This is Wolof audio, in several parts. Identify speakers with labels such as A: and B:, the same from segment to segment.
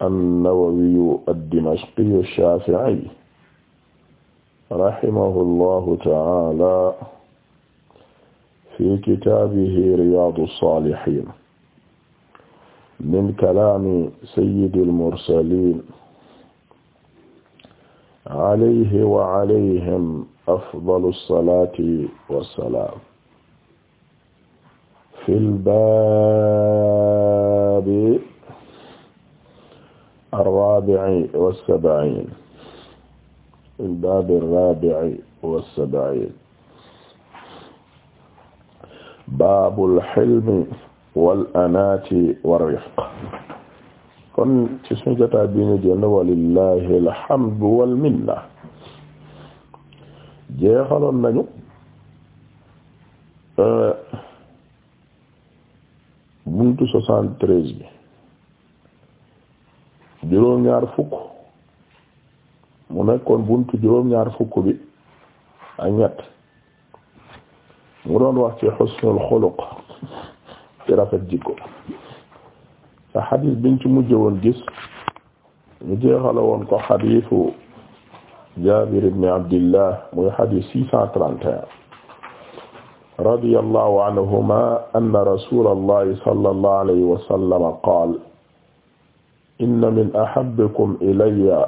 A: an-Nawawiyu ad-Dimashqiyu ash-Shafi'i rahimahullahu ta'ala fi kitaabihi Riyaadu s-Saalihiin min kalaami sayyidil mursaliin alayhi wa alayhim afdalu salaati wa salaam fil baabi arrabi'i was-sab'iin fil baabi arrabi'i was-sab'iin baabul hilmi wal anaati war-rifq kon ci suñu jotaay bi ñu génn walillahi alhamdu wal minna jeexaloon nañu euh, buntu soixante-treize bi juróom-ñaar fukk mu nekkoon buntu juróom-ñaar fukk bi ak mu doon wax ci xusnul xuluq ci rafet jikko sa xadiis biñ ci mujj woon gis ñu jeexala woon ko xadiisu Jaabir ibn Abdillah muy xadiis six cent trente et un radiyallahu anhuma anna rasuulallahi sallallahu alayhi wa sallam qaala inna min ahabbikum ilayya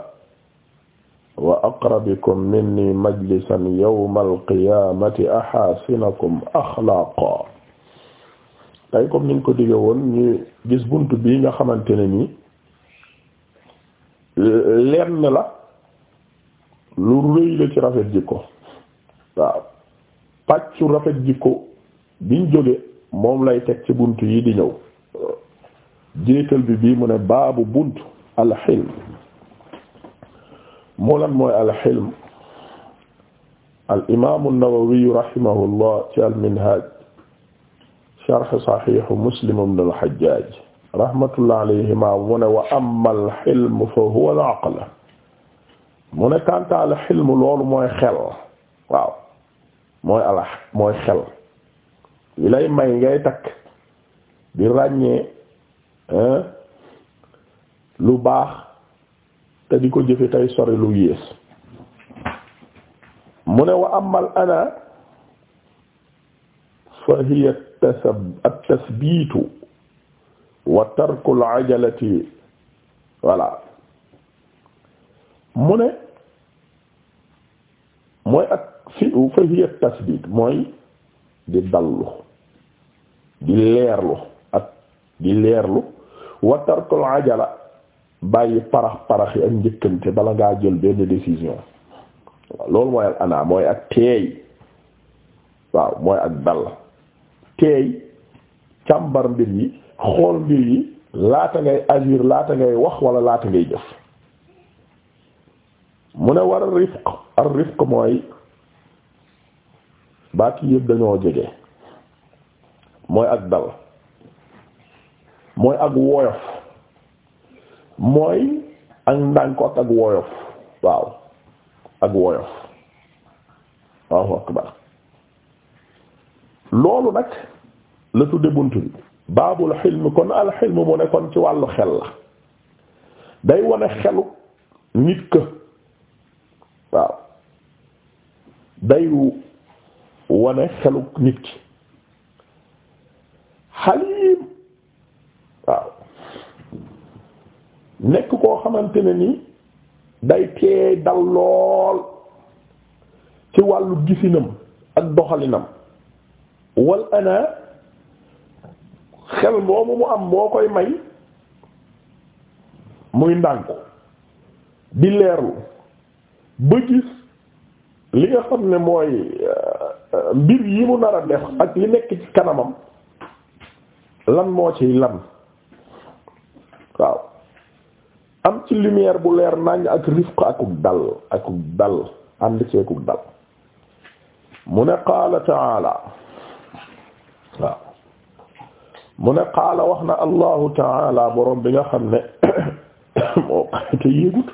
A: wa aqrabikum minni majlisan yawmal qiyaamati ahaasinakum axlaaqa tey comme niñ ko dige woon ñu gis bunt bi nga xamante ne nii lenn la lu rëy la ci rafet jikko waaw pàccu rafet jikko biñ jóge moom lay teg ci bunt yi di ñëw jeetal bi bii mu ne baabu bunt alxilm mu lan mooy alxilm al imaamu nawawiyu rahimahullah ci al minhaj sharh sahih muslim ibn al hajjaj rahmatullah alayhima mu ne wa amma al xilm fa huwa al aql mu ne kanta al xilm loolu mooy xel waaw mooy ala mooy xel li lay may ngay takk di ràññee lu baax te di ko jëfe tey sori lu yées mu ne wa amal ana fa hiya at tasbiitu wa tarkul ajalati voilà mu ne mooy ak fi fa hiya tasbiit mooy di dallu di leerlu di leerlu wa tarkul ajala bàyyi parax parax yi ak njëkkante bala ngaa jël benn décision loolu mooy al ana mooy ak teey waaw mooy ak dal teey càmbar mbir yi xool mbir yi laata ngay agir laata ngay wax wala laata ngay jëf mu ne war a rifq ar rifq mooy baat yëpp dañoo jege mooy ak dal mooy ak woyof mooy ak ndànkot ak woyof waaw ak woyof waaw akbar loolu nag la tudde bunt bi baabul xilm kon al xilm mu ne kon ci wàllu xel la day wane xelu nit ka waaw day wane xelu nit ki nekk koo xamante ne ni day teey dal lool ci wàllu gisinam ak doxalinam wal ana xel moomu mu am moo koy may muy ndànk di leerlu ba gis li nga xam ne mooy euh, mbir yi mu nar a def ak li nekk ci kanamam lan moo ciy lan waaw am ci lumière bu leer nañ ak rifq akub dal akub dal ànd ci akub dal mu ne qaala taala waaw mu ne qaala wax na allahu taala borom bi nga xam ne moo te yéegut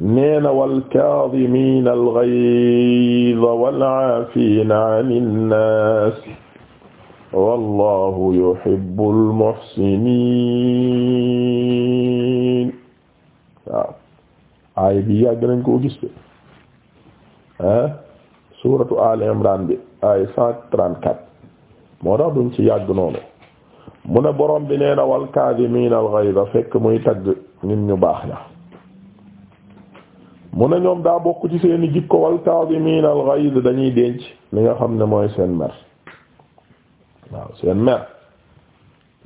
A: nee na wal kaadimiina al ghayz wal aafiina anin naas wallahu aaya bi yàgg nañ koo gis de ah suuratu Al bi aaya cent trente-quatre moo tax duñ ci yàgg noonu mu ne borom bi nee na wal kaadimiina al ghayza fekk muy tagg nit ñu baax ña mu ne ñoom daa bokk ci seeni jikko wal kaadimiina al dañuy denc li nga xam ne mooy seen mer waaw seen mer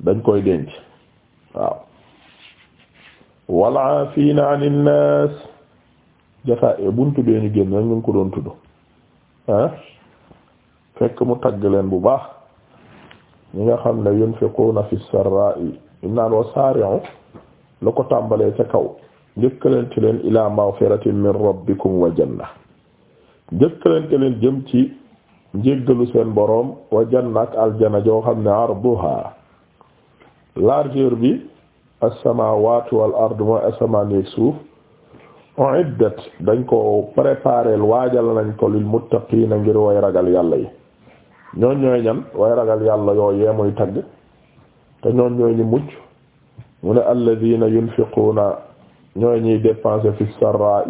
A: dañ koy denc waaw wal aafiina ani nnaas jataay buntu bee ñu génn ñu ngi ko doon tudd ah fekk mu tagg leen bu baax ñi nga xam ne yunfiquuna fi sarraa'i im naan wa saari'u la ko tàmbalee ca kaw njëkkalante leen ilaa maghfiratin min rabbikum wa janna njëkkalante leen jëm ci njéggalu seen boroom wa janna ak aljana joo xam ne arduha largeur bi as-samaawaatu wal ard mooy asamaan yeeg suuf dañ ko préparer waajal nañ ko lil muttaqiina ngir way ragal yàlla yi ñooñ ñooy ñan way ragal yàlla yoo yee muy tagg te ñooñ ñooy ñi mucc mu ne alladina yunfiquuna ñooy ñiy dépenser fi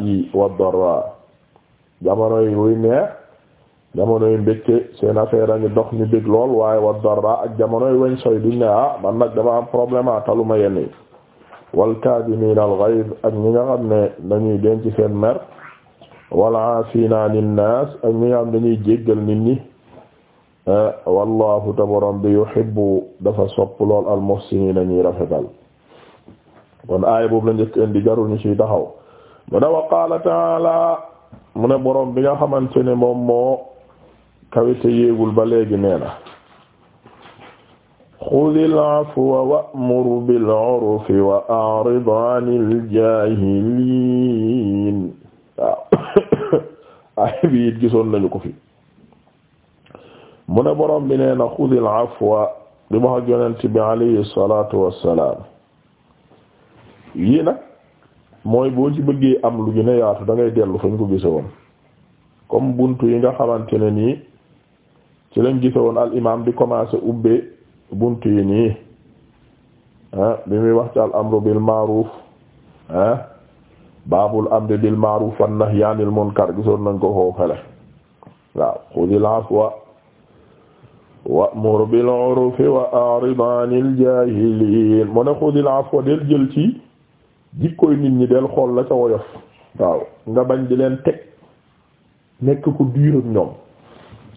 A: yi wa darraa jamono yi wuy neex jamonoy mbégte seen affaire a ngi dox ni bég lool waaye wa darra ak jamonoy weñ soy duñ ne ah man nag dama am problème a ah, taluma yenn yi wal kaadimiina al ghayz ak ñi nga xam ne dañuy denc seen mer wal aafina anin naas ak ñi nga xam dañuy jéggal nit ñi eh, wallahu tabaram bi yuhibbu dafa sopp lool al muhsiniina ñuy rafetal kon aaya boobu la njëkk indi mu ne borom bi nga xamante ne moom moo kawite yéegul ba léegi nee na xudil afwa wa'mur bil urfi wa a'rid 'anil waaw ay bi it gisoon nañu ko fi mu ne borom bi nee na xudil afwa di ma wax yonent bi alayhi salaatu wassalaam yii nag mooy boo ci bëggee am lu gën a yaatu da dellu fañ ko gise woon comme buntu yi nga xamante ne nii ci lañ gise al imam di commencé ubbe bunt yi nii ah, bi muy wax ci al amru bil ma'ruf ah, baabul amri bil ma'ruf wan nahyi munkar gisoon nañ ko foofale waaw xudil afwa wa'mur bil 'urfi wa a'rid 'anil jaahiliin ne xudil afwa del jël ci jikkoy nit ñi del xool la ca woyof waaw nga bañ di leen teg nekk ko diir ñoom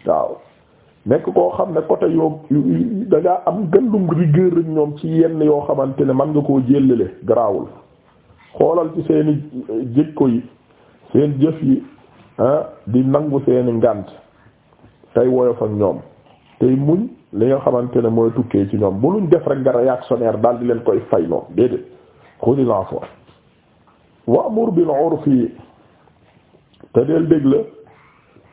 A: waaw nekk koo xam ne côté yoo da ngaa am gëndum rigueur ak ñoom ci yenn yoo xamante ne man nga koo jëllale garaawul xoolal ci seeni jikko yi seen jëf yi ah di nangu seeni ngànt tey woyof ak ñoom tey muñ li nga xamante ne mooy tukkee ci ñoom bu luñ def rek nga réactionnaire daal di leen koy fay noonu déedéet xudil afwa wa'mur bil 'urfi te del dégg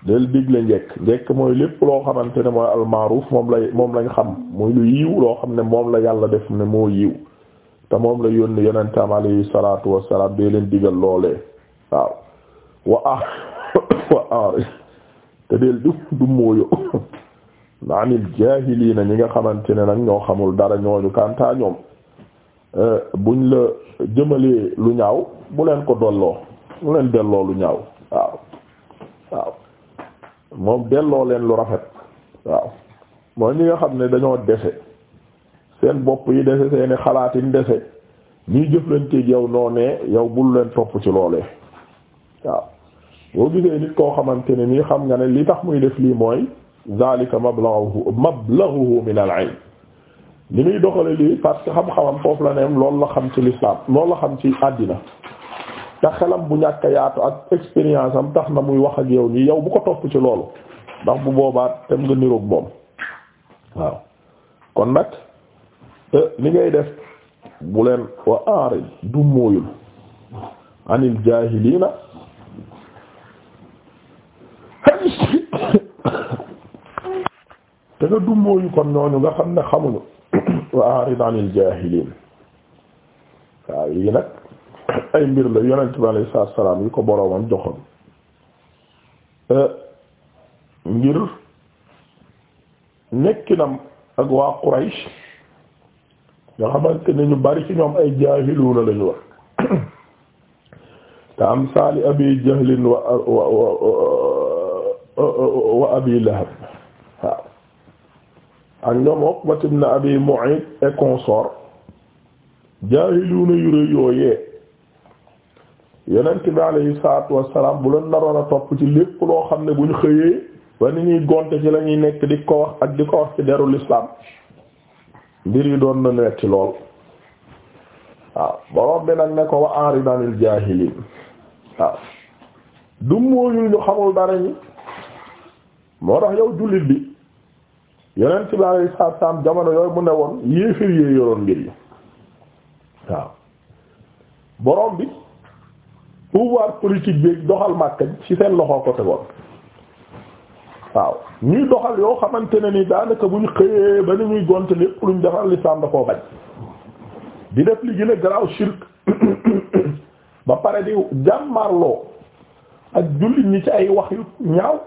A: del digle njekk njekk mooy lépp loo xamante ne mooy almaaruf moom lay moom lañ xam muy lu yiw loo xam ne moom la yàlla def ne moo yiw te moom la yoon yonentam alayhi salaatu wassalaam dee leen digal loolee waaw wa ah wa ahri te del du du mooyo naanil jaahiliina ñi nga xamante ne nag ñoo xamul dara ñooñu kantaa ñoom eh, buñ la jëmalee lu ñaaw bu leen ko dolloo bu leen delloo lu ñaaw waaw waaw moom delloo leen lu rafet waaw mooy ñi nga xam ne dañoo dese seen bopp yi dese seeni xalaat yi dese ñuy jëflanteeg yow noonee yow bul leen topp ci loolee waaw boo gisee nit koo xamante ne nii xam nga ne li tax muy def lii mooy zalika mablaghuhu mablaghuhu min al-ilm li muy doxale lii parce que xam-xamam foofu la neem loolu la xam ci l'islam loolu la xam ci àddina te xelam bu ñàkk yaatu ak expérience am tax na muy wax ak yow nii yow bu ko topp ci loolu ndax bu boobaa tam nga niroog moom waaw kon nag eh, li ngay def bu leen wa enri du móoyul anil jaahiliina te nga dummóoyu kon ñooñu nga xam ne xamuñu wa arid anil jaahiliin waaw yii nag ay mbir la yonent bi alayhi salaatu salaam yi ko boroomam joxoon eh, ngir nekkinam ak waa Quraysh nga xamante ñu bari ci ñoom ay jaahiluuna lañu wax te am saali jahlin wa wa lahab ak ñoom Uqbat ibn abi Mu'ayt et consort jaahiluuna yu rëy yooyee yonent bi alayhi salaatu wassalaam bu leen naroon a topp ci lépp loo xam ne buñ xëyee ba ni ñuy gonte ci la nekk di ko wax ak di ko wax ci deru lislaam mbir yi doon na nekk lool waaw borom bi nag ne ko wa aridanil jaahiliin waaw du mooyul ñu xamul dara ñi moo tax yow jullit bi yonent bi alayhi salaatu wassalaam jamono yooyu mu ne woon yéefir yee yoroon mbir yi waaw borom bi pouvoir politique bi doxal Makka ci seen loxo ko tegoon waaw ñuy doxal yoo xamante ne ni daanaka bu ñu xëyee ba ni ñuy gont lépp luñ defal lislaam da koo bañ di def li gën a garaaw shirk ba pare di jàmmarloo ak jullit ñi ci ay wax ñaaw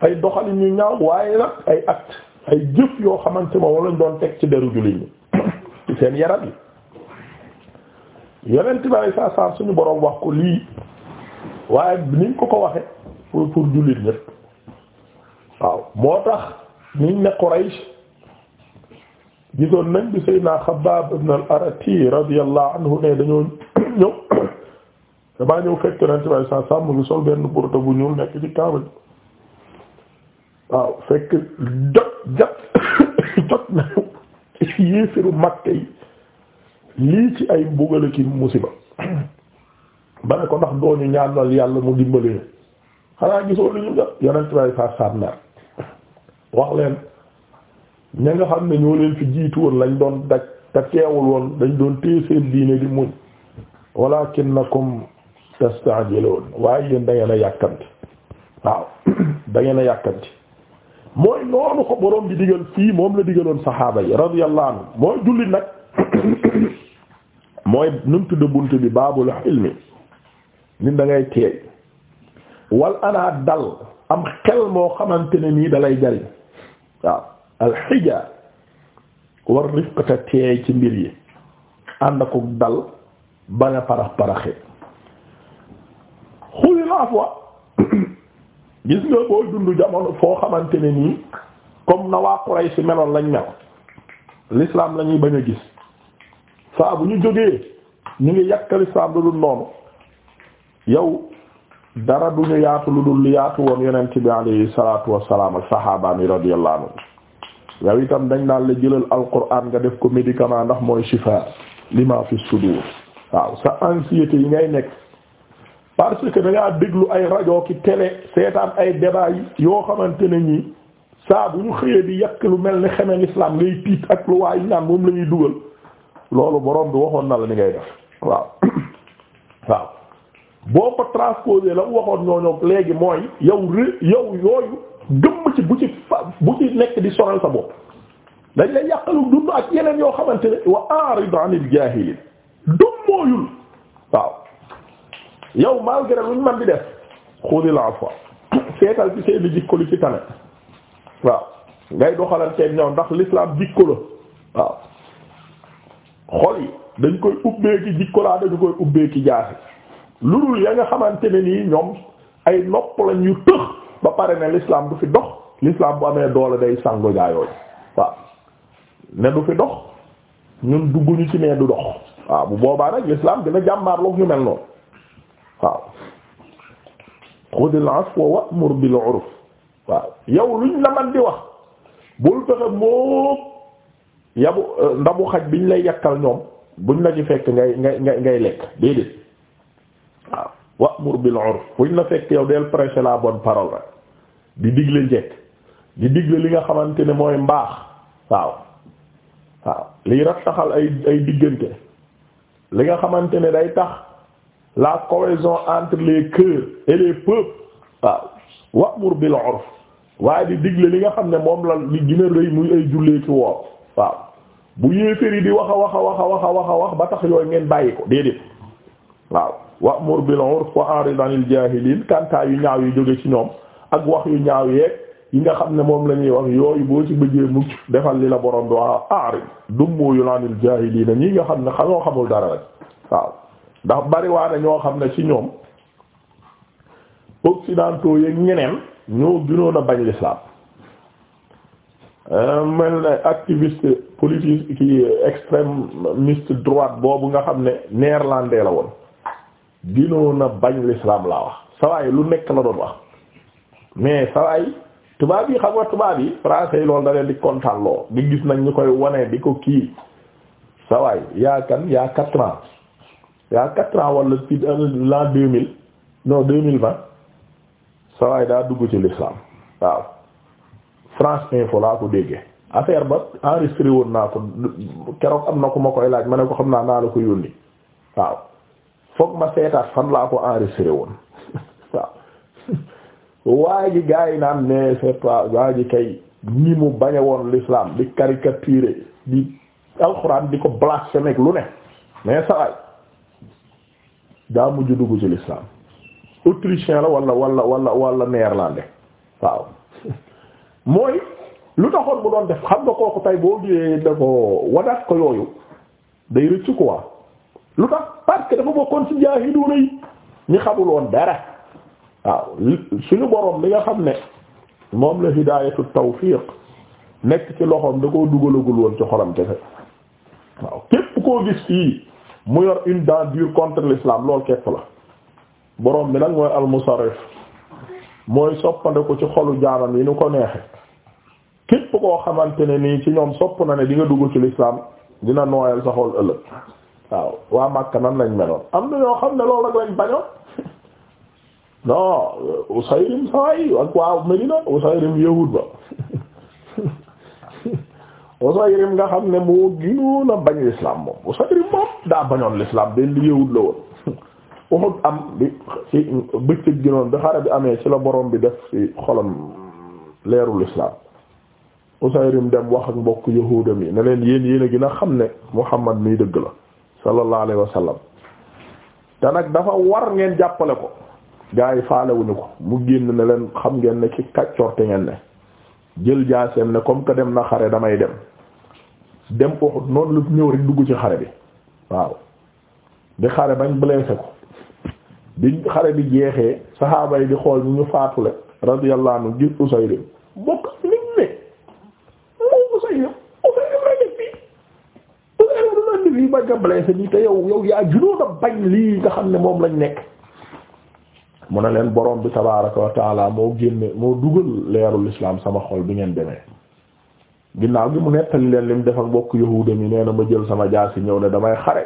A: ay doxalin yu ñaaw waaye nag ay acte ay jëf yoo xamante moom lañ doon teg ci deru jullit ñi ci seen yaram yi yeneen tubaab saa saa suñu boroom wax ko lii waaye niñ ko ko waxee pour pour jullit ñépp waaw moo tax niñ ne Quraysh gisoon nañ bi Seydina Xabbaab ibn al-Arati radiyallahu anhu ne dañoo ñëw damaa ñëw fekk yeneen tubaab yi saa saa mu ngi sol benn burta bu ñuul nekk ci Kaaba waaw fekk jot jot jot na yéefiru Makka yi. lii ci ay mbugal ki musiba ba ko ndax dooñu ñaanal yàlla mu dimbalee xanaa gisoo li ñu def yonent bay nga xam ne ñoo leen lañ doon daj te teewul woon dañ doon téye seen diine di muñ walaakinnakum tasta'jiloon waaye yéen da ngeen a yàkkanti waaw da a yàkkanti mooy noonu ko borom bi digal fii moom la digaloon saxaaba yi radiyallahu anhu mooy jullit nag mooy num tudd bunt bi baabul xilmi nit da ngay teey wal anaa dal am xel moo xamante ne nii dalay jariñ waaw alxija war rifqata teey ci mbir yi ànd ak dal bana parax paraxe xulil afwa gis nga booy dund jamono foo xamante ne nii comme na waa Quraysh meloon lañ mel lislaam lañuy ñuy a gis saa bu ñu jógee ñu ngi yàqal islam lu dul noonu yow dara du ñu yaatu lu dul yaatu woon yonent bi alayhi salaatu wassalaam ak saxaabaani radiyallahu anhu yow itam dañ naan la jëlal alquran nga def ko médicament ndax mooy shifa lima fi sudur waaw sa anxiété yi ngay nekk parce que da déglu ay rajo ki télé seetaan ay débat yoo xamante ne ñi saa bu ñu xëyee di yàq lu mel ni xeme l'islam ngay tiit ak lu waay naan moom la ñuy dugal loolu boroom bi waxoon na la ni ngay def waaw waaw boo ko transposé la mu waxoon ñooñu léegi mooy yow ré- yow yooyu gëmm ci bu ci bu ci nekk di sonal sa bopp dañ lay yàqalu dund ak yeneen yoo xamante ne wa a'rid 'anil jaahiliin dummóoyul man di def xudil afwa seetal ci seeni jikko li ci tane waaw ngay doxalanteeg ñoom ndax l'islam jikko la waaw xol yi dañ koy ubbee ki jikko laa dañu koy ubbee ki lu dul ya nga xamante ne nii ñoom ay nopp lañ ñu tëx ba pare ne l'islam du fi dox l'islam bu amee doole day sango jaayooyu waaw ne du fi dox ñun dugguñu ci ne du dox waaw bu boobaa nag l'islam dina jàmmaarloog ñu mel noonu waaw xudil afwa wa'mur bil urf waaw yow luñ la man di wax bul fexe moom yabu euh, ndabu xaj biñ lay yàkkal ñoom buñ la ci fekk ngay ngay ngay ngay lekk déedéet waaw wa'mur bil 'urf fuñ la fekk yow del prêcher la bonne parole rek di digle njekk di digle li nga xamante ne mooy mbaax waaw waaw liy rattaxal ay ay diggante li nga xamante ne day tax la cohésion entre les cœurs et les waaw wa'mur bil 'urf waaye di digle li nga xam ne moom la li gën a rëy muy ay jullee ci woor waaw bu yéeféri di wax a wax a wax a wax ba tax yooyu ngeen bàyyi ko déedéet waaw wa'mur bil 'urf wa a'rid 'anil jaahiliin kantaa yu ñaaw yu jóge ci ñoom ak wax yu ñaaw yeeg yi nga xam ne moom lañuy ñuy wax yooyu boo ci bëggee mucc defal li la borom bi wa a'rid dummóoyu 'anil jaahiliin ñi nga xam ne xamoo xamul dara rek waaw ndax bari waa na ñoo xam ne ci ñoom occidentaux yeeg ñeneen ñoo gënoon a bañ l'islam Euh, mel ne activiste politique ci extrémiste droite boobu nga xam ne néerlandais la woon dinoon na bañ l'islam laa wax sawaay lu nekk la doon wax mais sawaay tubaab yi xam nga tubaab yi français yi loolu da di kontaan loo di gis nag ñu koy wane di ko kii sawaay yaa kan yaa quatre ans yaa quatre ans wala ci euh, l'an deux mille non deux mille vingt sawaay daa dugg ci l'islam waaw France Info laa ko déggee affaire ba enregistré woon naa ko keroog am na ku ma koy laaj ma ne ko xam naa naa la ko yónni waaw foog ma seetaat fan laa ko enregistré woon waaw waa ji gars yi naan mais c'est pas ji kay ñi mu bañe woon l'islam di caricaturer di alxuraan di ko blasphémer lu ne mais sawaay daa mujj dugg ci l'islam autrichien la wala wala wala wala néerlandais waaw mooy lu taxoon mu doon def xam nga koo ko tey boo jiyee da ko wadaat ko yooyu day rëccu quoi lu tax parce que dafa bokkoon ci jaahiduuna yi ñi xamul woon dara waaw suñu boroom li nga xam ne moom la hidaayatu tawfiq nekk ci loxoom da koo dugalagul woon ci xolam kese waaw képp koo gis fii mu yor une dent dure contre l'islam loolu képp la boroom bi nag mooy al-musarrif mooy soppande ko ci xolu jaamam yi nu ko neexe képp koo xamante ne nii ci ñoom sopp na ne di nga dugg ci lislaam dina nooyal sa xol ëllëg waaw waa Makka nan lañ meloon am na ñoo xam ne loolu rek lañ bañoon non Usayrim saway ak waa Medina Usayrim yahud ba Usayrim nga xam ne moo gënoon a bañ lislaam moom Usayrim moom daa bañoon lislaam benn yahud la woon Uhud am bi ci bëccëg gi noonu bi xare bi amee ci la borom bi def ci xolam leerul islam Usayrim dem wax ak mbokk yahuudam yi ne leen yéen yéen a gën a xam ne Muhammad mii dëgg la sallallahu alayhi wa sallam te nag dafa war ngeen jàppale ko gaa yi faalewuñu ko mu génn ne leen xam ngeen ne ci kàccorte ngeen ne jël jaaseem ne comme que dem na xare damay dem dem Uhud noonu lu ñëw rek dugg ci xare bi waaw di xare bañ blessé ko bi xare bi jeexee saxaaba yi di xool ñu ñu faatule radiyallahu anhu gis Usayrim bokk nit ne moom Usayrim Usayrim la def fii te yow yow yaa junoon a bañ lii nga xam ne moom lañ nekk mu ne leen borom bi tabaaraka wa taala moo génne moo dugal leerul islam sama xol bi ngeen demee ginnaaw gi mu nettali leen li mu def ak bokk yahuuda mi nee na ma jël sama jaar jaasi ñëw ne damay xare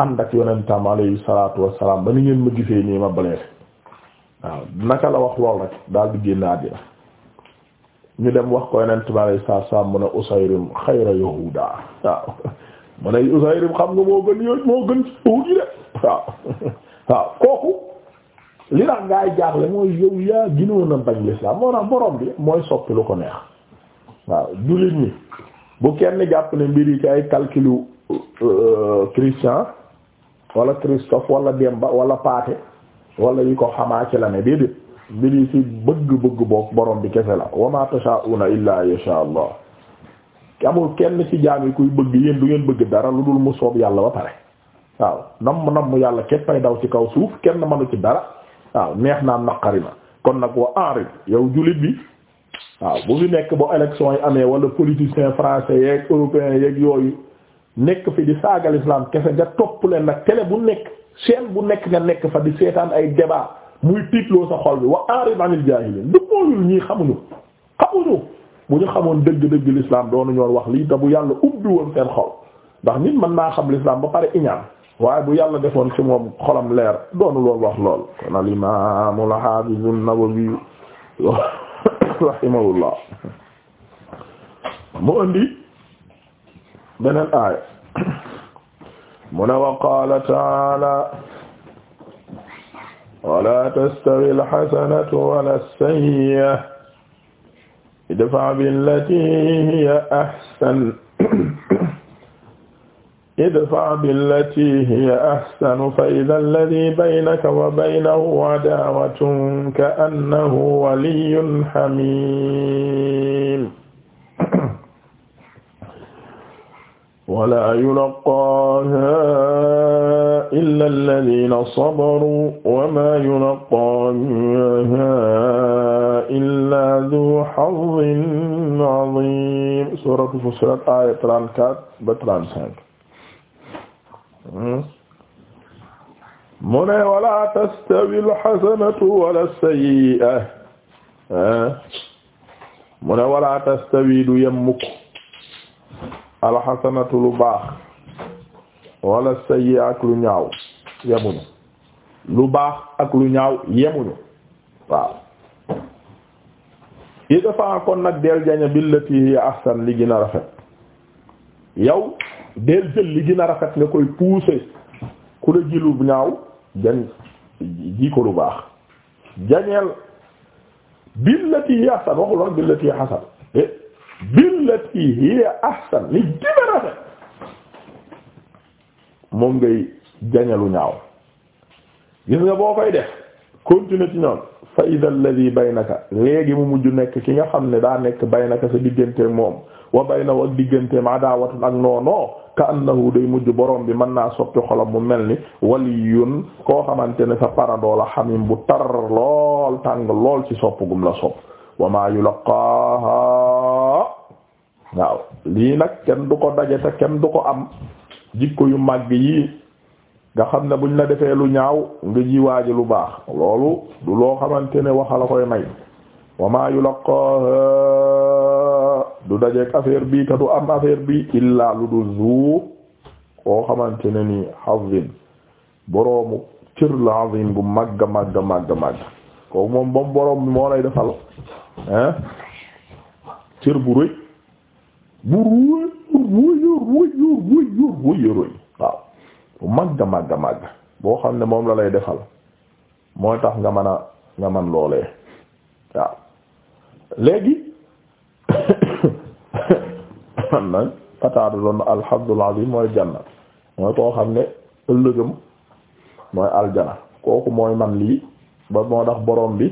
A: ànd ak yonentam alayhi salaatu wassalaam ba ni ngeen ma gisee nii ma blessé waaw naka la wax lool rek daal di génn àddina ñu dem wax ko yonentam alayhi salaatu wassalaam mu ne Usayrim xayra yahuda waaw mu ne Usayrim xam nga moo gën yooyu de waaw waaw kooku li tax ngay jaaxle mooy yow yaa ginoon a bañ lislaam moo tax borom bi mooy soppi lu ko neex waaw jullit ñi bu kenn jàpp ne mbir yi ci ay euh, euh, wala Christophe wala Demba wala Paate wala yi ko xamaa ci la ne déedéet mbiri ci bëgg-bëgg boog borom bi kese la wa ma tashaa'una illaa yasha Allah amul kenn ci jaam yi kuy bëgg yéen du ngeen bëgg dara lu dul mu soob yàlla ba pare waaw nam nam yàlla képpay daw ci kaw suuf kenn mënu ci dara waaw neex na naqari na kon nag wa enrit yow jullit bi waaw bu fi nekk bu élection yi amee wala politiciens français yeeg européens yeeg yooyu nekk fi di saagal islam kese nga topp leen nag télé bu nekk seen bu nekk nga nekk fa di seetaan ay débat muy tiitloo sa xol bi wax a'rid 'anil jaahiliin du moolul ñii xamuñu xamuñu bu ñu xamoon dëgg-dëgg l'islam doonu ñoo wax lii te bu yàlla ubbi woon seen xol ndax nit man naa xam l'islam ba pare iñaan waaye bu yàlla defoon ci moom xolam leer doonu loolu wax lool kon al imaam al haafiz an-Nawawi rahimahullah mu indi beneen aaya mu ne wa qaala taala wala tastawi alxasanatu wala sayyi'a idfa billati hiya ahsan idfa billati hiya ahsanu fa idha alladhi baynaka wa baynahu adawatun ka annahu waliyyun hamim wala yulaqaaha illa alladina sabaru wama yulaqaaha illa du hazin azim suratu Fussilat aya 34 ba 35 mu ne wala tastawi alxasanatu wala sayyi'a mu ne wala tastawi du yem mukk alxasanatu lu baax wala sayyi ak lu ñaaw yemuñu lu baax ak lu ñaaw yemuñu waaw idfa kon nag del jaña billati hiya ahsan li gën a rafet yow del jël li gën a rafet nga koy pousser ku la ji lu ñaaw jan ji ko lu baax jañeel billati hiya ahsan waxul wax billati hiya ahsan li gën a moom ngay jañalu ñaaw gis nga boo koy def continuer ci ñoom fa idha alladhi baynaka léegi mu mujj nekk ki nga xam ne daa nekk baynaka sa digganteek moom wa baynahu ak digganteem adawatun ak noonoo ka annahu day mujj borom bi mën naa soppi xolam mu mel ni waliyun koo xamante ne sa parandoo la xamim bu tar lool tàng lool ci sopp gum la sopp wa maa yulaqaaha waaw lii nag kenn du ko daje te kenn du ko am jikko yu màgg yi nga xam ne buñ la defee lu ñaaw nga jiwaaji lu baax loolu du loo xamante ne waxala koy may wa maa yulaqaaha du dajeek affaire bi te du am affaire bi illaa lu du zu koo xamante ne nii hazin boroomu cër la azim bu màgg màgg màgg màgg kooku moom ba mu borom moo lay defal ah cër bu rëy bu ruuy ruuy ruuy ruuy ruuy waaw bu màgg màgg màgg boo xam ne moom la lay defal mooy tax nga man a nga loolee waaw léegi man nañ pataada doon alhamdul azim mooy janna mooy koo xam ne ëllëgëm mooy aljana kooku mooy man lii ba moo tax borom bi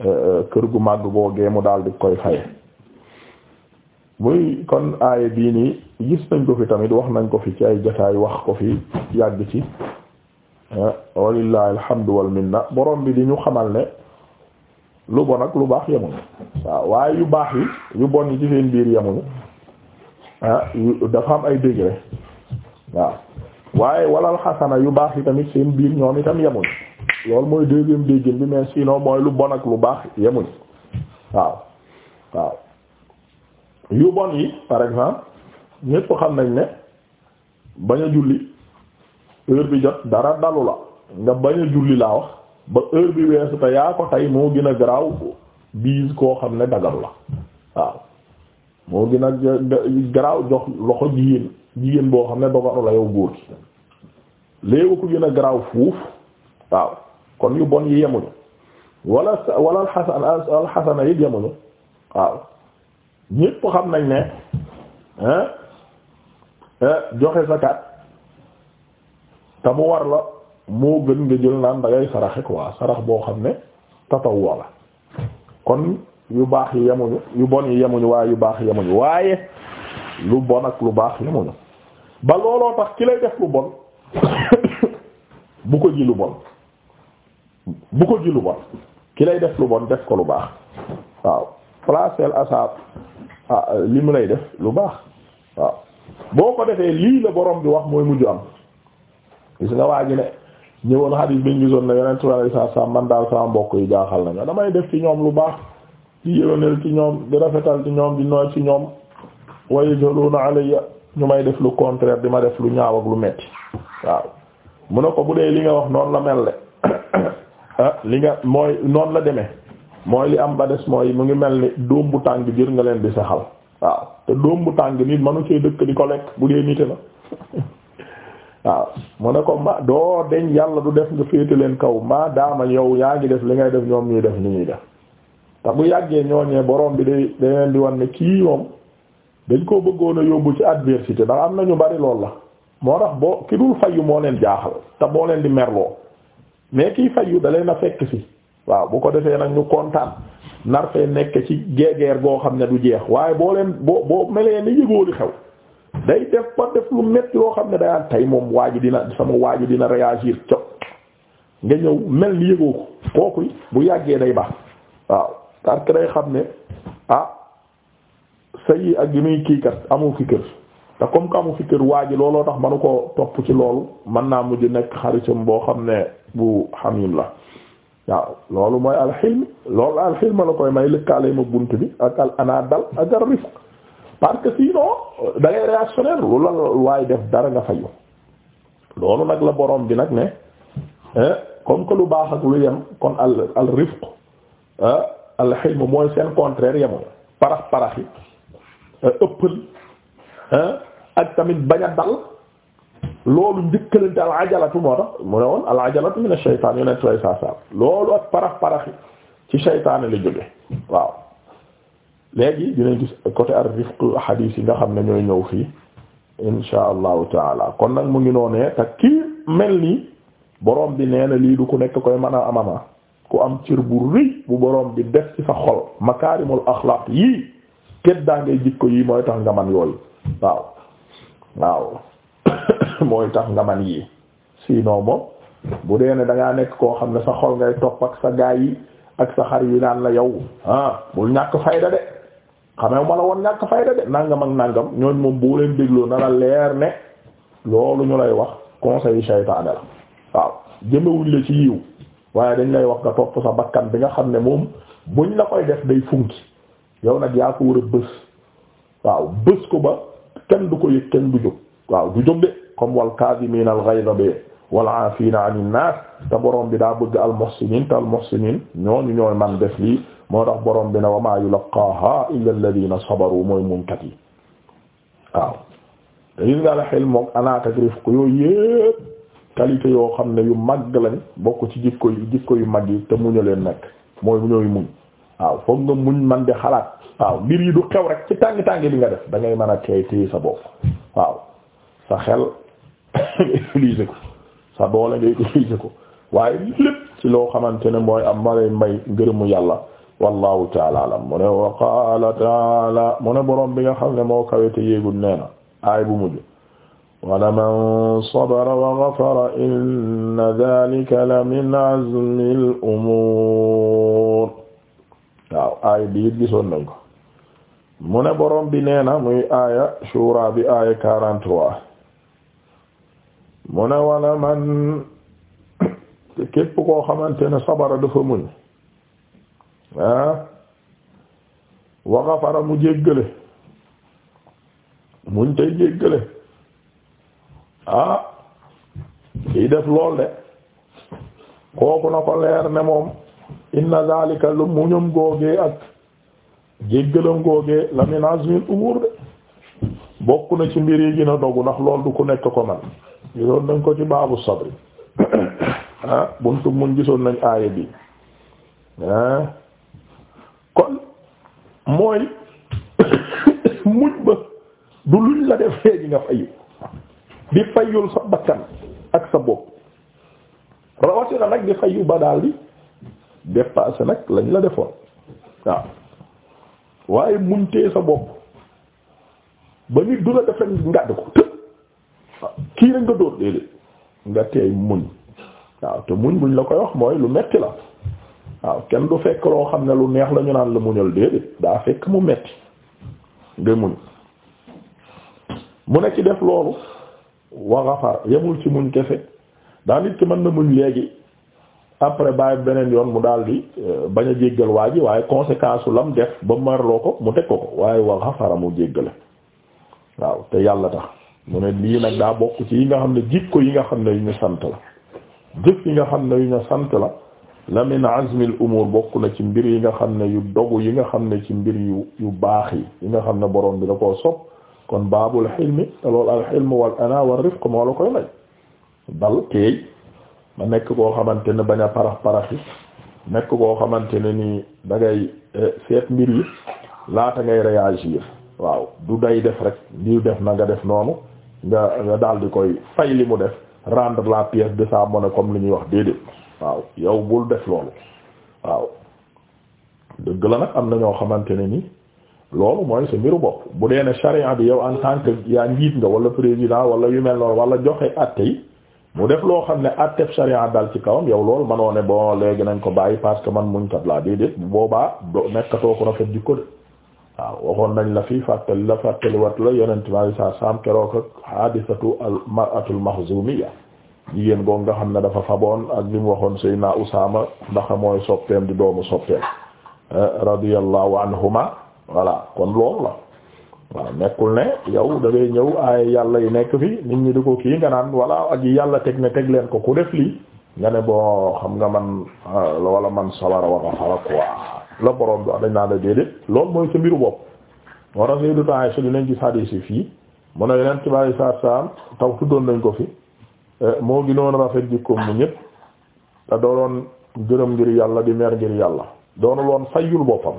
A: euh, euh, kër gu màgg googee mu daal di koy faye muy kon aaya bii nii gis nañ ko fi tamit wax nañ ko fi ci ay jotaay wax ko fi yàgg ci euh, walillahi alhamdu wal minna borom bi di ñu xamal ne lu bon ak lu baax yemuñu waaw waaye yu baax yi yu bon yi ci seen biir yemuñu ah dafa am ay degré waaw waaye walal xasana yu baax yi tamit seen biir ñoom itam yemuñu loolu mooy deuxième déggin bi mais sinon mooy lu bon ak lu baax yemuñ waaw waaw yu bon yi par exemple ñépp xam nañ ne bañ a julli heure bi jot dara dalu la nga bañ a julli laa wax ba heure bi weesu yaa ko tey moo gën a garaaw biis koo xam ne dagaru la waaw moo gën a garaaw jox loxo jigéen jigéen boo xam ne dogaru la yow góor gi léegi ko gën a garaaw fuuf waaw kon yu bon yi yemuñu wala wala alxasan alxasana yi yemuñu waaw ñépp xam nañ ne eh, joxe zakat te mu war la moo gën nga jël naan da ngay saraxe quoi sarax boo xam ne tatawu la kon yu baax yi yemuñu yu bon yi yemuñu waaye yu baax yi yemuñu waaye lu bon ak lu baax yemuñu ba looloo tax ki lay def lu bon bu ko ji lu bon bu ko ji lu bon ki lay def lu bon def ko lu baax waaw placel asaab li mu lay def lu baax waaw boo ko defee lii la boroom bi wax mooy mujj am gis nga waa ji ne ñëwoon xadiis bi ñu gisoon na yeneen trois saa man daal sama mbokk yi jaaxal nañu damay def ci ñoom lu baax di yëloneel ci ñoom di rafetal ci ñoom di nooy ci ñoom waaye jëloon alayya ñu may def lu contraire di ma def lu ñaaw ak lu metti waaw mu ne ko bu dee li nga wax noonu la mel de li nga mooy noonu la demee mooy li am ba des mooy mu ngi mel ni doom bu tàng jër nga leen di saxal waaw te doom bu tàng nit manu cee dëkk di ko bu dee nite la waaw mu ne ko ma doo deñ yàlla du def nga féete leen kaw ma daama yow yaa ngi def li ngay def ñoom ñuy def ni ñuy def te bu yàggee ñooñee borom bi day day leen di wan ne kii moom dañ koo bëggoon a yóbbu ci adversité ndax am na ñu bari lool la moo tax boo ki dul fayu moo leen jaaxal te moo leen di merloo mais kii fayu yu leen na fekk si waaw bu ko defee nag ñu kontaan nar fee nekk ci geegeer goo xam ne du jeex waaye boo leen boo boo melee ni yëgoo li xew day def ba def lu metti loo xam ne dayaan tey moom waa ji dina sama waa dina réagir cop nga ñëw mel ni yëgoo ko kooku bu yàggee day baax waaw parce que day xam ne ah sa yi ak gi muy kii kat amul fi kër te comme que amu fi kër waa ji looloo tax manu ko topp ci loolu mën naa mujj nekk xaritam boo xam ne bu xamim la waaw loolu mooy alxilm loolu alxilm la koy may lëkkaale ma bunt bi ak al anadal la waaye def dara nga loolu nag la boroom bi nag ne comme que lu baax ak lu yem kon al alxilm mooy seen contraire yemul parax parax yi ëppal ak tamit bañ a dal loolu njëkkalante al ajalatu moo tax mu ne woon al ajalatu min ash-shaytaan yu nekk lay saa saa loolu ak parax paraxi ci shaytaane la jóge waaw léegi dinañ gis côté ar rifq hadith yi nga xam ne ñooy ñëw fii insha allahu taala kon nag mu ngi noonee te kii mel nii boroom bi nee na lii du ku nekk koy mën a amama ku am cir bu rëy bu borom bi def ci sa xol makaarimul axlaaq yii teddaangay jikko yii mooy tax nga man yooyu waaw waaw mooy tax nga man yii sinon moom bu dee ne da nekk koo xam ne sa xol ngay topp ak sa gaa yi ak sa xar yi naan la yow ah bul ñàkk fayda de xamee ma la woon ñàkk fayda de nangam ak nangam ñooñ moom boo leen dégloo na la leer ne loolu ñu lay wax conseil shaytaane la waaw jëmewuñ la ci yiw waaye dañ lay wax nga topp sa bakkan bi nga xam ne moom buñ la koy def day funki yow nag yaa ko war a bës waaw bës ko ba kenn du ko yëg kenn du jóg waaw du jóg de comme wal kaazimiina al ghayza bi wal aafiina te borom bi daa bëgg al muhsiniin te al muhsiniin ñooñu ñooy man def lii moo tax borom bi na wa maa yulaqqaahaa illaa allaziina sabaru mooy muñkat yi waaw. te gis nga ko yooyu yëpp qualité yoo xam ne yu mag lañ bokk ci jikko yu jikko yu mag yi te muñu leen nekk mooy ñooy muñ. waaw foog nga muñ man di xalaat waaw mbir yi du xew rek ci tàng tàng bi nga def da ngay mën a teey sa bopp waaw sa xel nga sa doole nga utiliser waaye lépp ci loo xamante ne mooy am ma lay may ngërëmu yàlla wallahu taala alam mu ne wa qaala taala mu bi nga xam ne moo kawete yéegul nee na aay bu wala man sabara wa ghafara inna dhalika la min azmi al waaw aaya bi gisoon nañ ko mu ne borom bi nee na muy aaya shura bi quarante-trois mu ne wala man képp koo xamante ne sabara dafa muñ ah wa ghafara mu jéggale muñ tey jéggale ah kii def lool de kooku na ko leer ne moom inna zalika lu muñum googee ak jéggalam googee la min umur de bokk na ci mbir yi gën a dogu ndax lool du ku nekk ko man gisoon nañ ko ci baabu sabri ah buntu gisoon nañ aaya bi ah kon mooy muñ ba du luñ la def léegi nga fayu di fayul sa bakkan ak sa bopp rawatina nag di fayu ba daal di dépassé nag lañ la defoon waaw waaye muñ tee sa bopp ba nit du la def rek ngàdd ko të kii rek nga dóor déedéet nga teey muñ waaw te muñ buñ la koy wax mooy lu metti la waaw kenn du fekk loo xam ne lu neex la ñu naan la muñal déedéet daa fekk mu metti nga muñ mu ne ci def loolu wa xafar yemul ci muñ kese daa nit ki mën na muñ léegi après bàyyi beneen yoon mu daal di euh, bañ a jéggal waa ji waaye conséquence su lam def ba marloo ko mu teg ko ko waaye wa xafara mu jéggale waaw te yàlla tax mu ne lii nag daa bokk ci yi nga xam ne jikko yi nga xam ne yu ñu sant la yi nga xam ne yu ñu sant la la min azmil umur bokk na ci mbir yi nga xam ne yu dogu yi nga xam ne ci mbir yu yu baax yi yi nga xam ne borom bi da koo sopp kon baabul xilmi te loolu al xilm wal ana rifq moo la koy lay dal teey ma nekk koo xamante ne bañ a parax paraxi nekk koo xamante ne nii da eh, seet mbir yi laata ngay réagir waaw du day def rek lii def na nga def noonu nga nga daal di koy fay li mu def rend la pièce de sa monnaie comme li ñuy wax déedéet waaw yow bul def loolu waaw dëgg la nag am na ñoo xamante ne ni loolu mooy sa mbiru bopp bu dee ne charia bi yow en tant que yaa njiit nga wala président wala yu mel noonu wala joxe àtte yi mu def loo xam ne atteb sharia dal ci kawam yow loolu manoo ne bon léegi nañ ko bàyyi parce que man muñ kat laa déedéet boobaa do nekkatoo ko rafet jikko de waaw waxoon nañ la fii fàttali la fàttali wat la yonent bi saa saam keroog ak hadisatu al mar'atul mahzumiya jigéen goog nga xam ne dafa faboon ak li mu waxoon Seydina Usaama ndax mooy soppeem di doomu soppeem eh, radiyallahu anhuma voilà kon loolu la waaw nekkul ne yow da ñëw ay yàlla yi nekk fi nit ñi di ko kii nga naan walla ak yàlla teg ne teg leen ko ku def lii nga ne boo xam nga man ah, wala man sabara wa ghafara quoi la borom bi wax dañ naa la déedéet loolu mooy sa mbiru bopp moo tax Seydou Taha Sëñ bi nañ ci hadiis fii mu ne yeneen tubaab yi saa saa taw tuddoon nañ ko fi eh, moo gënoon rafet jikkoom mu ñëpp te doon gërëm ngir yàlla di mer ngir yàlla doonu woon fayul boppam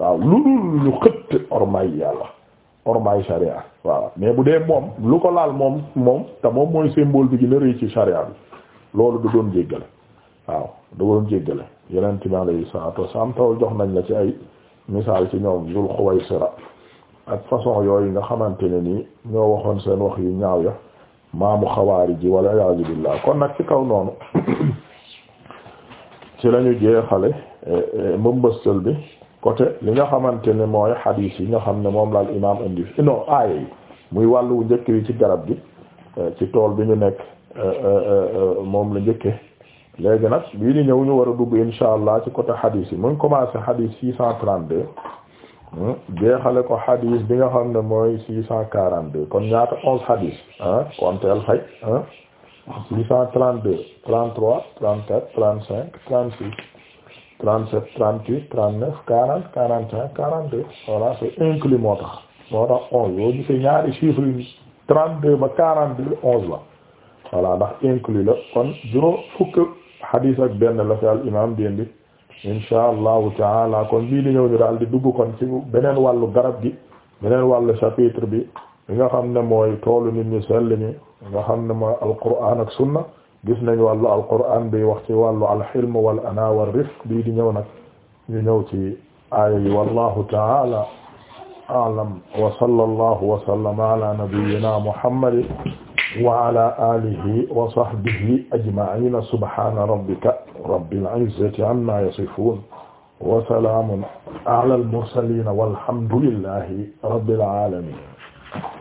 A: waaw lu dul yàlla. ormay sharia waaw mais bu dee moom lu ko laal moom moom te moom mooy symbole bi gën a rëy ci sharia bi loolu du doon jéggale waaw du doon jéggale yeneen bi alayhi salatu wassalam taw jox nañ la ci ay misaal ci ñoom Zul Xuwaysira ak façon yooyu nga xamante ne nii ñoo waxoon seen wax yu ñaaw ya maamu xawaari ji wala iyaazu billaah kon nag ci kaw noonu ci lañu jeexale eh, eh, mbëmbëstal bi côté li nga xamante ne mooy hadith yi nga xam ne moom laal imam indi non aaya yi muy wàllu wu njëkk wi ci garab gi euh, ci tool bi ñu nekk euh, euh, moom la njëkke léegi nag bii di ñëw ñu war a dugg insha allah ci côté hadith yi mu ngi commencé hadith six cent trente-deux hmm, jeexale ko hadith bi nga xam ne mooy six cent quarante-deux kon ñaata onze hadith ah konteel fay ah six cent trente-deux trente-trois trente-quatre trente-cinq trente-six 37 38 39 40 45 42 voilà c'est inclus moo tax moo tax 11 boo gisee ñaari chiffres yi 32 ba 42 11 la voilà ndax inclus la kon juróom fukk hadis ak benn la fi al imam di indi insha taala kon bii di ñëw ñu daal di dugg kon ci beneen wàllu garab gi beneen wàllu chapitre bi bi nga xam ne mooy toolu nit ñu sell ñi nga xam ne mooy alquran ak sunna gis nañu wàllu alquran bi wax ci wàllu alxilm wal ana wal rifq bii di ñëw nag ñu ñëw ci aaya yi wallahu taala a'lam wa sallallahu wa sallama ala nabiyyina muhammad wa ala alihi wa sahbihi ajma'in subhana rabbika rabbil izzati amma yasifun wa salamun ala al mursalin walhamdulillahi rabbil alamin